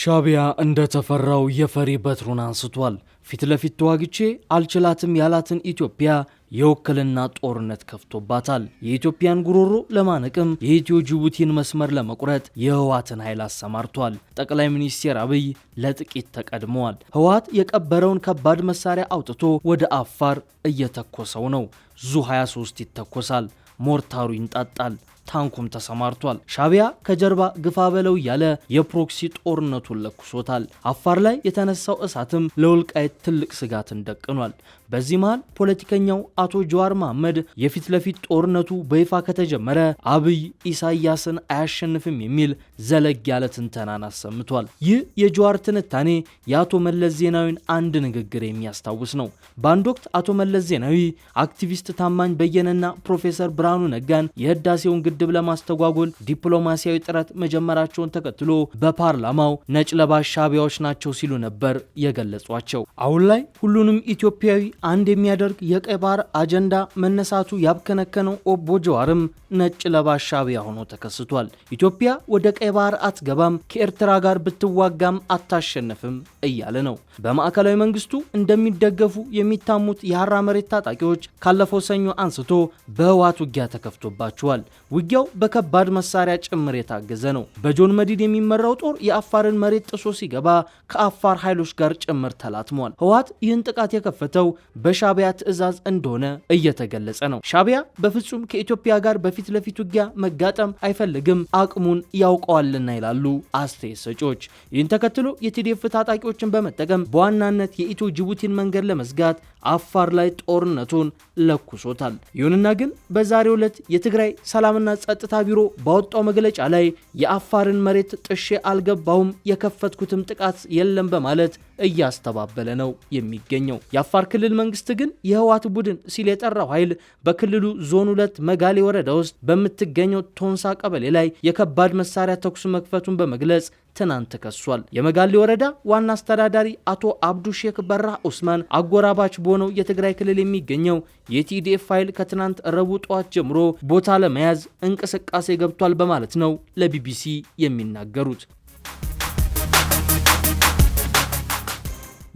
ሻቢያ እንደተፈራው የፈሪ በትሩን አንስቷል። ፊት ለፊት ተዋግቼ አልችላትም ያላትን ኢትዮጵያ የውክልና ጦርነት ከፍቶባታል። የኢትዮጵያን ጉሮሮ ለማነቅም የኢትዮ ጅቡቲን መስመር ለመቁረጥ የህወሓትን ኃይል አሰማርቷል። ጠቅላይ ሚኒስትር አብይ ለጥቂት ተቀድመዋል። ህወሓት የቀበረውን ከባድ መሳሪያ አውጥቶ ወደ አፋር እየተኮሰው ነው። ዙ 23 ይተኮሳል፣ ሞርታሩ ይንጣጣል ታንኩም ተሰማርቷል። ሻቢያ ከጀርባ ግፋ በለው እያለ የፕሮክሲ ጦርነቱን ለኩሶታል። አፋር ላይ የተነሳው እሳትም ለወልቃይት ትልቅ ስጋትን ደቅኗል። በዚህ መሃል ፖለቲከኛው አቶ ጀዋር መሐመድ የፊት ለፊት ጦርነቱ በይፋ ከተጀመረ አብይ ኢሳያስን አያሸንፍም የሚል ዘለግ ያለ ትንተናን አሰምቷል። ይህ የጀዋር ትንታኔ የአቶ መለስ ዜናዊን አንድ ንግግር የሚያስታውስ ነው። በአንድ ወቅት አቶ መለስ ዜናዊ አክቲቪስት ታማኝ በየነና ፕሮፌሰር ብርሃኑ ነጋን የህዳሴውን ግድ ግድብ ለማስተጓጎል ዲፕሎማሲያዊ ጥረት መጀመራቸውን ተከትሎ በፓርላማው ነጭ ለባሽ ሻቢያዎች ናቸው ሲሉ ነበር የገለጿቸው። አሁን ላይ ሁሉንም ኢትዮጵያዊ አንድ የሚያደርግ የቀይ ባህር አጀንዳ መነሳቱ ያብከነከነው ኦቦ ጀዋርም ነጭ ለባሽ ሻቢያ ሆኖ ተከስቷል። ኢትዮጵያ ወደ ቀይ ባህር አትገባም፣ ከኤርትራ ጋር ብትዋጋም አታሸንፍም እያለ ነው። በማዕከላዊ መንግስቱ እንደሚደገፉ የሚታሙት የሀራ መሬት ታጣቂዎች ካለፈው ሰኞ አንስቶ በህወሓት ውጊያ ተከፍቶባቸዋል። ውጊያው በከባድ መሳሪያ ጭምር የታገዘ ነው። በጆን መዲድ የሚመራው ጦር የአፋርን መሬት ጥሶ ሲገባ ከአፋር ኃይሎች ጋር ጭምር ተላትሟል። ህወሓት ይህን ጥቃት የከፈተው በሻቢያ ትዕዛዝ እንደሆነ እየተገለጸ ነው። ሻቢያ በፍጹም ከኢትዮጵያ ጋር በፊት ለፊት ውጊያ መጋጠም አይፈልግም፣ አቅሙን ያውቀዋልና ይላሉ አስተያየት ሰጪዎች። ይህን ተከትሎ የቲዲኤፍ ታጣቂዎችን በመጠቀም በዋናነት የኢትዮ ጅቡቲን መንገድ ለመዝጋት አፋር ላይ ጦርነቱን ለኩሶታል። ይሁንና ግን በዛሬው ዕለት የትግራይ ሰላምና ሰላምና ጸጥታ ቢሮ ባወጣው መግለጫ ላይ የአፋርን መሬት ጥሼ አልገባውም የከፈትኩትም ጥቃት የለም በማለት እያስተባበለ ነው የሚገኘው። የአፋር ክልል መንግስት ግን የህወሓት ቡድን ሲል የጠራው ኃይል በክልሉ ዞን ሁለት መጋሌ ወረዳ ውስጥ በምትገኘው ቶንሳ ቀበሌ ላይ የከባድ መሳሪያ ተኩስ መክፈቱን በመግለጽ ትናንት ከሷል። የመጋሌ ወረዳ ዋና አስተዳዳሪ አቶ አብዱ ሼክ በራ ኡስማን አጎራባች በሆነው የትግራይ ክልል የሚገኘው የቲዲኤፍ ኃይል ከትናንት ረቡዕ ጠዋት ጀምሮ ቦታ ለመያዝ እንቅስቃሴ ገብቷል በማለት ነው ለቢቢሲ የሚናገሩት።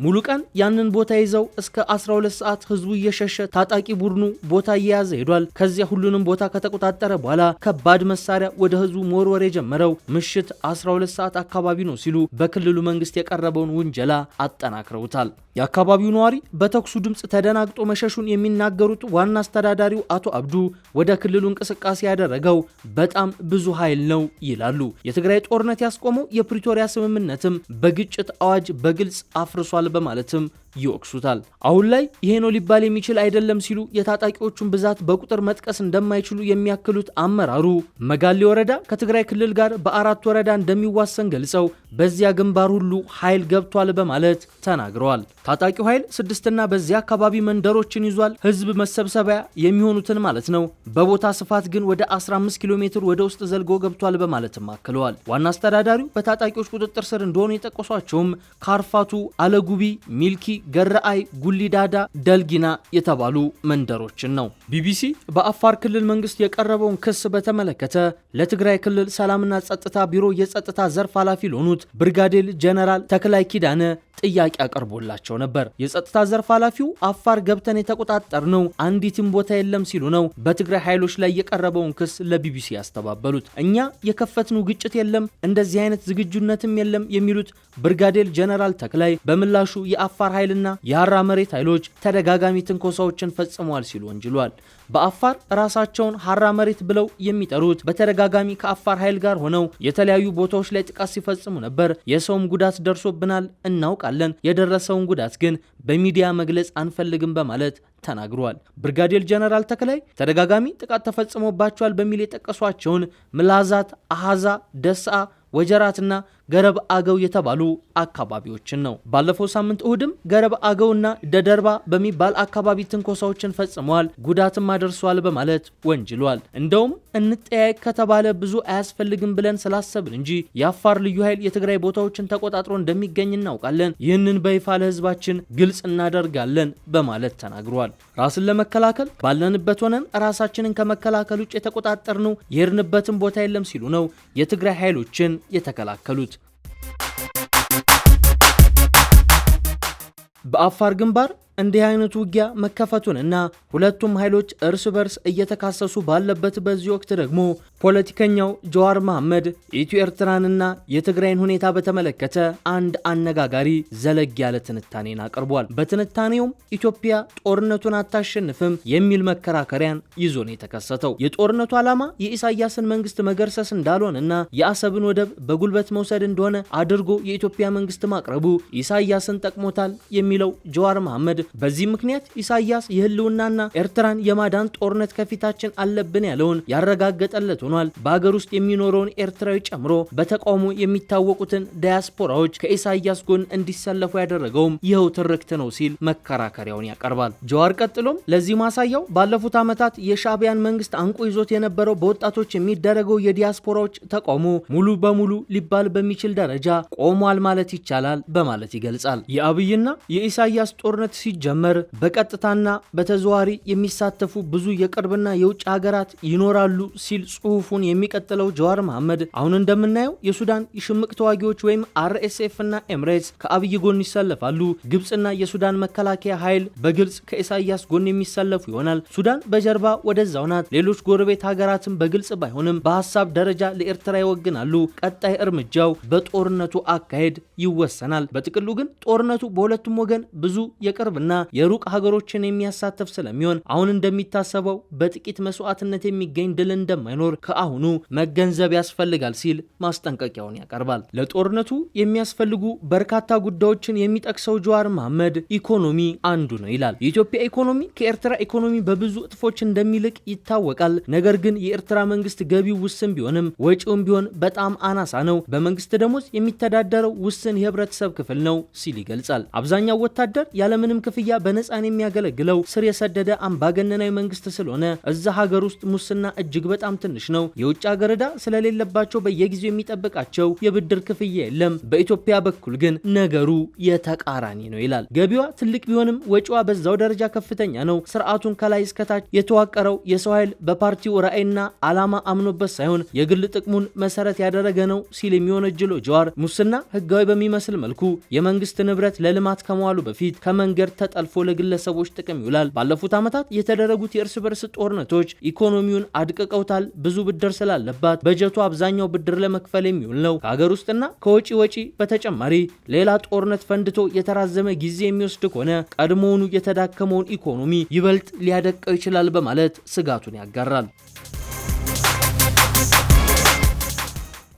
ሙሉ ቀን ያንን ቦታ ይዘው እስከ 12 ሰዓት ህዝቡ እየሸሸ ታጣቂ ቡድኑ ቦታ እየያዘ ሄዷል። ከዚያ ሁሉንም ቦታ ከተቆጣጠረ በኋላ ከባድ መሳሪያ ወደ ህዝቡ መወርወር የጀመረው ምሽት 12 ሰዓት አካባቢ ነው ሲሉ በክልሉ መንግስት የቀረበውን ውንጀላ አጠናክረውታል። የአካባቢው ነዋሪ በተኩሱ ድምፅ ተደናግጦ መሸሹን የሚናገሩት ዋና አስተዳዳሪው አቶ አብዱ ወደ ክልሉ እንቅስቃሴ ያደረገው በጣም ብዙ ኃይል ነው ይላሉ። የትግራይ ጦርነት ያስቆመው የፕሪቶሪያ ስምምነትም በግጭት አዋጅ በግልጽ አፍርሷል በማለትም ይወቅሱታል። አሁን ላይ ይሄ ነው ሊባል የሚችል አይደለም ሲሉ የታጣቂዎቹን ብዛት በቁጥር መጥቀስ እንደማይችሉ የሚያክሉት አመራሩ መጋሌ ወረዳ ከትግራይ ክልል ጋር በአራት ወረዳ እንደሚዋሰን ገልጸው በዚያ ግንባር ሁሉ ኃይል ገብቷል በማለት ተናግረዋል። ታጣቂው ኃይል ስድስትና በዚያ አካባቢ መንደሮችን ይዟል፣ ህዝብ መሰብሰቢያ የሚሆኑትን ማለት ነው። በቦታ ስፋት ግን ወደ 15 ኪሎ ሜትር ወደ ውስጥ ዘልጎ ገብቷል በማለትም አክለዋል። ዋና አስተዳዳሪው በታጣቂዎች ቁጥጥር ስር እንደሆኑ የጠቀሷቸውም ካርፋቱ፣ አለጉቢ፣ ሚልኪ ገረአይ፣ ጉሊዳዳ፣ ደልጊና የተባሉ መንደሮችን ነው። ቢቢሲ በአፋር ክልል መንግስት የቀረበውን ክስ በተመለከተ ለትግራይ ክልል ሰላምና ጸጥታ ቢሮ የጸጥታ ዘርፍ ኃላፊ ለሆኑት ብርጋዴር ጀነራል ተክላይ ኪዳነ ጥያቄ አቅርቦላቸው ነበር። የጸጥታ ዘርፍ ኃላፊው አፋር ገብተን ነው አንዲትም ቦታ የለም ሲሉ ነው በትግራይ ኃይሎች ላይ የቀረበውን ክስ ለቢቢሲ ያስተባበሉት። እኛ የከፈትኑ ግጭት የለም፣ እንደዚህ አይነት ዝግጁነትም የለም የሚሉት ብርጋዴር ጀነራል ተክላይ በምላሹ የአፋር ኃይል ኃይልና የሀራ መሬት ኃይሎች ተደጋጋሚ ትንኮሳዎችን ፈጽመዋል ሲል ወንጅሏል። በአፋር ራሳቸውን ሀራ መሬት ብለው የሚጠሩት በተደጋጋሚ ከአፋር ኃይል ጋር ሆነው የተለያዩ ቦታዎች ላይ ጥቃት ሲፈጽሙ ነበር። የሰውም ጉዳት ደርሶብናል፣ እናውቃለን። የደረሰውን ጉዳት ግን በሚዲያ መግለጽ አንፈልግም በማለት ተናግሯል። ብርጋዴር ጀነራል ተክላይ ተደጋጋሚ ጥቃት ተፈጽሞባቸዋል በሚል የጠቀሷቸውን ምላዛት፣ አሃዛ፣ ደስአ፣ ወጀራትና ገረብ አገው የተባሉ አካባቢዎችን ነው። ባለፈው ሳምንት እሁድም ገረብ አገውና ደደርባ በሚባል አካባቢ ትንኮሳዎችን ፈጽመዋል፣ ጉዳትም አደርሷል በማለት ወንጅሏል። እንደውም እንጠያየቅ ከተባለ ብዙ አያስፈልግም ብለን ስላሰብን እንጂ የአፋር ልዩ ኃይል የትግራይ ቦታዎችን ተቆጣጥሮ እንደሚገኝ እናውቃለን። ይህንን በይፋ ለህዝባችን ግልጽ እናደርጋለን በማለት ተናግሯል። ራስን ለመከላከል ባለንበት ሆነን ራሳችንን ከመከላከል ውጭ የተቆጣጠርነው የሄድንበትን ቦታ የለም ሲሉ ነው የትግራይ ኃይሎችን የተከላከሉት። በአፋር ግንባር እንዲህ አይነቱ ውጊያ መከፈቱን እና ሁለቱም ኃይሎች እርስ በርስ እየተካሰሱ ባለበት በዚህ ወቅት ደግሞ ፖለቲከኛው ጀዋር መሐመድ ኢትዮ ኤርትራንና የትግራይን ሁኔታ በተመለከተ አንድ አነጋጋሪ ዘለግ ያለ ትንታኔን አቅርቧል። በትንታኔውም ኢትዮጵያ ጦርነቱን አታሸንፍም የሚል መከራከሪያን ይዞ ነው የተከሰተው። የጦርነቱ ዓላማ የኢሳያስን መንግስት መገርሰስ እንዳልሆነና የአሰብን ወደብ በጉልበት መውሰድ እንደሆነ አድርጎ የኢትዮጵያ መንግስት ማቅረቡ ኢሳያስን ጠቅሞታል የሚለው ጀዋር መሐመድ በዚህ ምክንያት ኢሳያስ የህልውናና ኤርትራን የማዳን ጦርነት ከፊታችን አለብን ያለውን ያረጋገጠለት ሆኗል። በአገር ውስጥ የሚኖረውን ኤርትራዊ ጨምሮ በተቃውሞ የሚታወቁትን ዳያስፖራዎች ከኢሳያስ ጎን እንዲሰለፉ ያደረገውም ይኸው ትርክት ነው ሲል መከራከሪያውን ያቀርባል። ጀዋር ቀጥሎም ለዚህ ማሳያው ባለፉት ዓመታት የሻቢያን መንግስት አንቁ ይዞት የነበረው በወጣቶች የሚደረገው የዲያስፖራዎች ተቃውሞ ሙሉ በሙሉ ሊባል በሚችል ደረጃ ቆሟል ማለት ይቻላል በማለት ይገልጻል። የአብይና የኢሳያስ ጦርነት ሲ ሲጀመር በቀጥታና በተዘዋሪ የሚሳተፉ ብዙ የቅርብና የውጭ ሀገራት ይኖራሉ ሲል ጽሁፉን የሚቀጥለው ጀዋር መሐመድ አሁን እንደምናየው የሱዳን የሽምቅ ተዋጊዎች ወይም አርኤስኤፍ እና ኤምሬትስ ከአብይ ጎን ይሰለፋሉ። ግብፅና የሱዳን መከላከያ ኃይል በግልጽ ከኢሳያስ ጎን የሚሰለፉ ይሆናል። ሱዳን በጀርባ ወደዛው ናት። ሌሎች ጎረቤት ሀገራትም በግልጽ ባይሆንም በሀሳብ ደረጃ ለኤርትራ ይወግናሉ። ቀጣይ እርምጃው በጦርነቱ አካሄድ ይወሰናል። በጥቅሉ ግን ጦርነቱ በሁለቱም ወገን ብዙ የቅርብ እና የሩቅ ሀገሮችን የሚያሳተፍ ስለሚሆን አሁን እንደሚታሰበው በጥቂት መስዋዕትነት የሚገኝ ድል እንደማይኖር ከአሁኑ መገንዘብ ያስፈልጋል ሲል ማስጠንቀቂያውን ያቀርባል። ለጦርነቱ የሚያስፈልጉ በርካታ ጉዳዮችን የሚጠቅሰው ጀዋር መሐመድ ኢኮኖሚ አንዱ ነው ይላል። የኢትዮጵያ ኢኮኖሚ ከኤርትራ ኢኮኖሚ በብዙ እጥፎች እንደሚልቅ ይታወቃል። ነገር ግን የኤርትራ መንግስት ገቢው ውስን ቢሆንም ወጪውም ቢሆን በጣም አናሳ ነው። በመንግስት ደሞዝ የሚተዳደረው ውስን የህብረተሰብ ክፍል ነው ሲል ይገልጻል። አብዛኛው ወታደር ያለምንም ክፍያ በነፃን የሚያገለግለው ስር የሰደደ አምባገነናዊ መንግስት ስለሆነ እዛ ሀገር ውስጥ ሙስና እጅግ በጣም ትንሽ ነው። የውጭ ሀገር ዕዳ ስለሌለባቸው በየጊዜው የሚጠብቃቸው የብድር ክፍያ የለም። በኢትዮጵያ በኩል ግን ነገሩ የተቃራኒ ነው ይላል። ገቢዋ ትልቅ ቢሆንም ወጪዋ በዛው ደረጃ ከፍተኛ ነው። ስርዓቱን ከላይ እስከታች የተዋቀረው የሰው ኃይል በፓርቲው ራዕይና ዓላማ አምኖበት ሳይሆን የግል ጥቅሙን መሰረት ያደረገ ነው ሲል የሚወነጅለው ጀዋር ሙስና ህጋዊ በሚመስል መልኩ የመንግስት ንብረት ለልማት ከመዋሉ በፊት ከመንገድ ተጠልፎ ለግለሰቦች ጥቅም ይውላል። ባለፉት ዓመታት የተደረጉት የእርስ በርስ ጦርነቶች ኢኮኖሚውን አድቅቀውታል። ብዙ ብድር ስላለባት በጀቱ አብዛኛው ብድር ለመክፈል የሚውል ነው። ከሀገር ውስጥና ከወጪ ወጪ በተጨማሪ ሌላ ጦርነት ፈንድቶ የተራዘመ ጊዜ የሚወስድ ከሆነ ቀድሞውኑ የተዳከመውን ኢኮኖሚ ይበልጥ ሊያደቀው ይችላል በማለት ስጋቱን ያጋራል።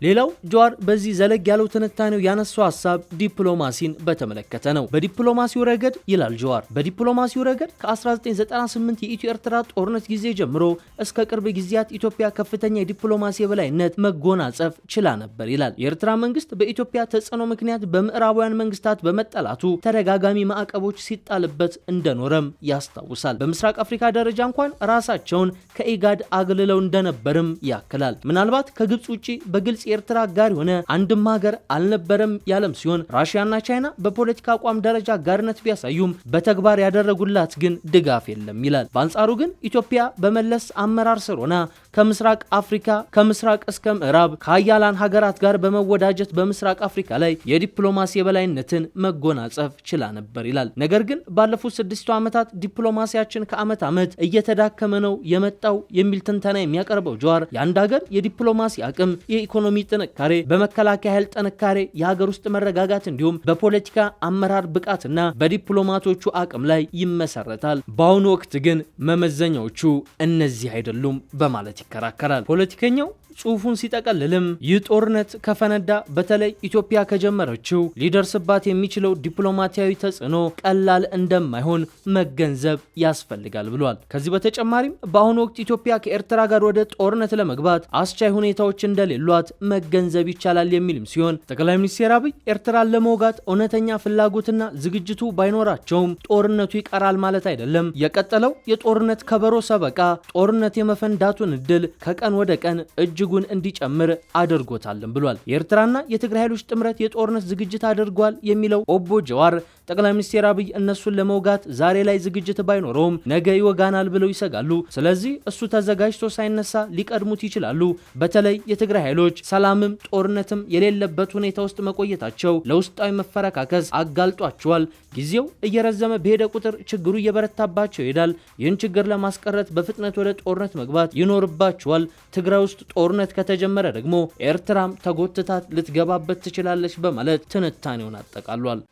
ሌላው ጀዋር በዚህ ዘለግ ያለው ትንታኔው ያነሳው ሀሳብ ዲፕሎማሲን በተመለከተ ነው። በዲፕሎማሲው ረገድ ይላል ጀዋር፣ በዲፕሎማሲው ረገድ ከ1998 የኢትዮ ኤርትራ ጦርነት ጊዜ ጀምሮ እስከ ቅርብ ጊዜያት ኢትዮጵያ ከፍተኛ የዲፕሎማሲ የበላይነት መጎናጸፍ ችላ ነበር ይላል። የኤርትራ መንግስት በኢትዮጵያ ተጽዕኖ ምክንያት በምዕራባውያን መንግስታት በመጠላቱ ተደጋጋሚ ማዕቀቦች ሲጣልበት እንደኖረም ያስታውሳል። በምስራቅ አፍሪካ ደረጃ እንኳን ራሳቸውን ከኢጋድ አግልለው እንደነበርም ያክላል። ምናልባት ከግብፅ ውጭ በግልጽ ኤርትራ ጋር የሆነ አንድም ሀገር አልነበረም ያለም ሲሆን ራሽያና ቻይና በፖለቲካ አቋም ደረጃ ጋርነት ቢያሳዩም በተግባር ያደረጉላት ግን ድጋፍ የለም ይላል። በአንጻሩ ግን ኢትዮጵያ በመለስ አመራር ስር ሆና ከምስራቅ አፍሪካ ከምስራቅ እስከ ምዕራብ ከአያላን ሀገራት ጋር በመወዳጀት በምስራቅ አፍሪካ ላይ የዲፕሎማሲ የበላይነትን መጎናጸፍ ችላ ነበር ይላል። ነገር ግን ባለፉት ስድስቱ ዓመታት ዲፕሎማሲያችን ከዓመት ዓመት እየተዳከመ ነው የመጣው የሚል ትንተና የሚያቀርበው ጀዋር የአንድ ሀገር የዲፕሎማሲ አቅም የኢኮኖሚ በኢኮኖሚ ጥንካሬ፣ በመከላከያ ኃይል ጥንካሬ፣ የሀገር ውስጥ መረጋጋት እንዲሁም በፖለቲካ አመራር ብቃትና በዲፕሎማቶቹ አቅም ላይ ይመሰረታል። በአሁኑ ወቅት ግን መመዘኛዎቹ እነዚህ አይደሉም በማለት ይከራከራል። ፖለቲከኛው ጽሑፉን ሲጠቀልልም ይህ ጦርነት ከፈነዳ በተለይ ኢትዮጵያ ከጀመረችው ሊደርስባት የሚችለው ዲፕሎማሲያዊ ተጽዕኖ ቀላል እንደማይሆን መገንዘብ ያስፈልጋል ብሏል። ከዚህ በተጨማሪም በአሁኑ ወቅት ኢትዮጵያ ከኤርትራ ጋር ወደ ጦርነት ለመግባት አስቻይ ሁኔታዎች እንደሌሏት መገንዘብ ይቻላል የሚልም ሲሆን ጠቅላይ ሚኒስትር አብይ ኤርትራን ለመውጋት እውነተኛ ፍላጎትና ዝግጅቱ ባይኖራቸውም ጦርነቱ ይቀራል ማለት አይደለም፣ የቀጠለው የጦርነት ከበሮ ሰበቃ ጦርነት የመፈንዳቱን እድል ከቀን ወደ ቀን እጅ እጅጉን እንዲጨምር አድርጎታልም ብሏል። የኤርትራና የትግራይ ኃይሎች ጥምረት የጦርነት ዝግጅት አድርጓል የሚለው ኦቦ ጀዋር ጠቅላይ ሚኒስትር አብይ እነሱን ለመውጋት ዛሬ ላይ ዝግጅት ባይኖረውም ነገ ይወጋናል ብለው ይሰጋሉ። ስለዚህ እሱ ተዘጋጅቶ ሳይነሳ ሊቀድሙት ይችላሉ። በተለይ የትግራይ ኃይሎች ሰላምም ጦርነትም የሌለበት ሁኔታ ውስጥ መቆየታቸው ለውስጣዊ መፈረካከስ አጋልጧቸዋል። ጊዜው እየረዘመ በሄደ ቁጥር ችግሩ እየበረታባቸው ይሄዳል። ይህን ችግር ለማስቀረት በፍጥነት ወደ ጦርነት መግባት ይኖርባቸዋል። ትግራይ ውስጥ ጦርነት ጦርነት ከተጀመረ ደግሞ ኤርትራም ተጎትታት ልትገባበት ትችላለች በማለት ትንታኔውን አጠቃሏል።